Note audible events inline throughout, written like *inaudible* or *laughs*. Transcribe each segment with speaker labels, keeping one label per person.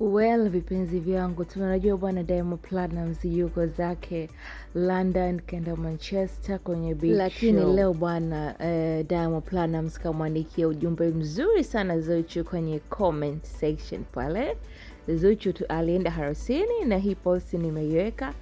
Speaker 1: Well, vipenzi vyangu, tunajua bwana Diamond Platnumz yuko zake London, kenda Manchester kwenye beach, lakini
Speaker 2: leo bwana eh, Diamond Platnumz kamwandikia ujumbe mzuri sana Zuchu kwenye comment section pale. Zuchu tu alienda harusini na hii post nimeiweka.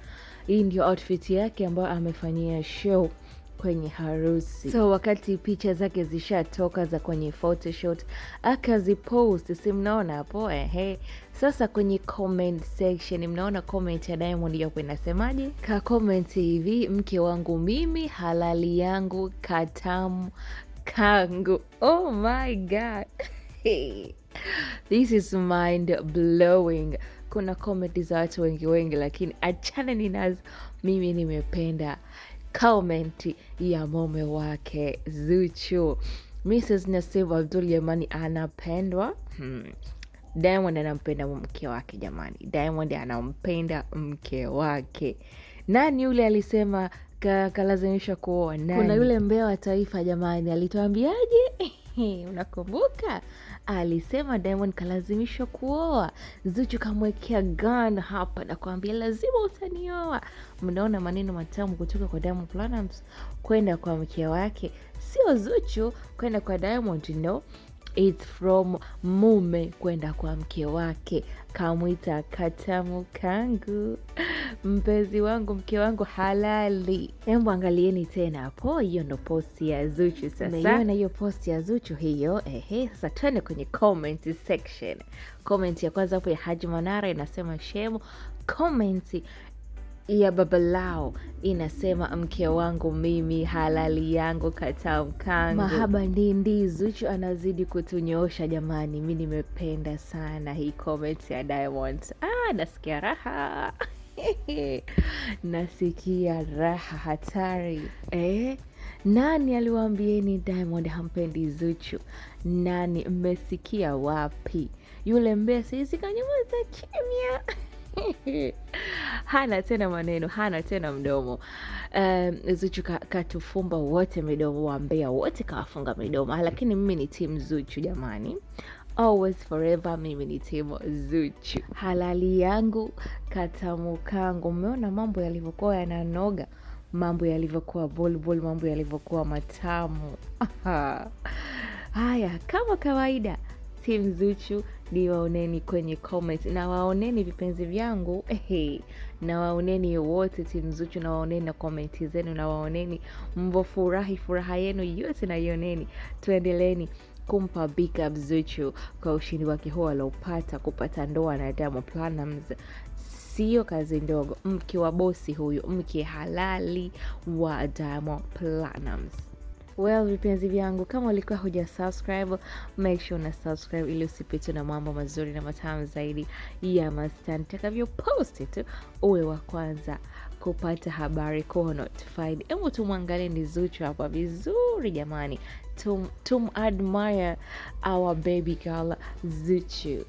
Speaker 2: Hii ndio outfit yake ambayo amefanyia show kwenye harusi.
Speaker 1: So wakati picha zake zishatoka za kwenye photoshoot akazipost, si mnaona hapo ehe. Sasa kwenye comment section mnaona comment ya Diamond hapo inasemaje? Ka comment hivi, mke wangu mimi, halali yangu, katamu kangu. Oh my god *laughs* This is mind blowing. Kuna komenti za watu wengi wengi, lakini achana ninazo. Mimi nimependa comment ya mume wake Zuchu. Mrs Nasibu Abdul jamani, anapendwa hmm. Diamond anampenda mke wake jamani, Diamond anampenda mke wake. Nani yule alisema kalazimisha kuoa Kuna
Speaker 2: yule mbea wa taifa jamani, alituambiaje? *laughs* unakumbuka alisema Diamond kalazimishwa kuoa Zuchu, kamwekea gun hapa na kuambia lazima utanioa. Mnaona maneno matamu kutoka kwa Diamond Platnumz kwenda kwa mke wake, sio Zuchu kwenda kwa Diamond no. It's from mume kwenda kwa mke wake, kamwita katamu kangu, mpenzi wangu, mke wangu halali. hembu angalieni tena hapo, hiyo ndo posti ya Zuchu. Sasa
Speaker 1: hiyo posti ya Zuchu hiyo? Ehe, sasa tuende kwenye comment section. Comment ya kwanza hapo ya Haji Manara inasema shemu. Comment ya baba lao inasema mke wangu mimi halali yangu katamkangu
Speaker 2: mahaba ndindi Zuchu anazidi kutunyoosha jamani mi nimependa sana hii comment ya Diamond ah, nasikia raha *laughs* nasikia raha hatari eh? Nani aliwaambieni Diamond hampendi Zuchu? Nani mmesikia wapi? Yule mbesi zikanyamaza kimya *laughs* hana tena maneno, hana tena mdomo. Um, Zuchu katufumba ka wote midomo, wambea wote kawafunga midomo, lakini mimi ni timu Zuchu jamani. Always forever, mimi ni timu Zuchu. Halali yangu katamu kangu, mmeona mambo yalivyokuwa yananoga, mambo yalivyokuwa bolbol, mambo yalivyokuwa matamu. *laughs* Haya, kama kawaida, timu Zuchu niwaoneni kwenye comment, na waoneni vipenzi vyangu hey, na waoneni wote timu Zuchu, na waoneni na komenti zenu, na waoneni mvofurahi, furaha yenu yote naioneni. Tuendeleni kumpa big up Zuchu kwa ushindi wake huo aliopata kupata ndoa na Diamond Platnumz. Sio kazi ndogo, mke wa bosi huyu, mke halali wa Diamond Platnumz. Well, vipenzi vyangu, kama ulikuwa huja subscribe, make sure una subscribe ili usipitwe na mambo mazuri na matamu zaidi ya Mastani takavyoposti tu, uwe wa kwanza kupata habari, kuwa notified. Hebu tumwangalie ni Zuchu hapa vizuri jamani, tum, tum admire our baby girl Zuchu.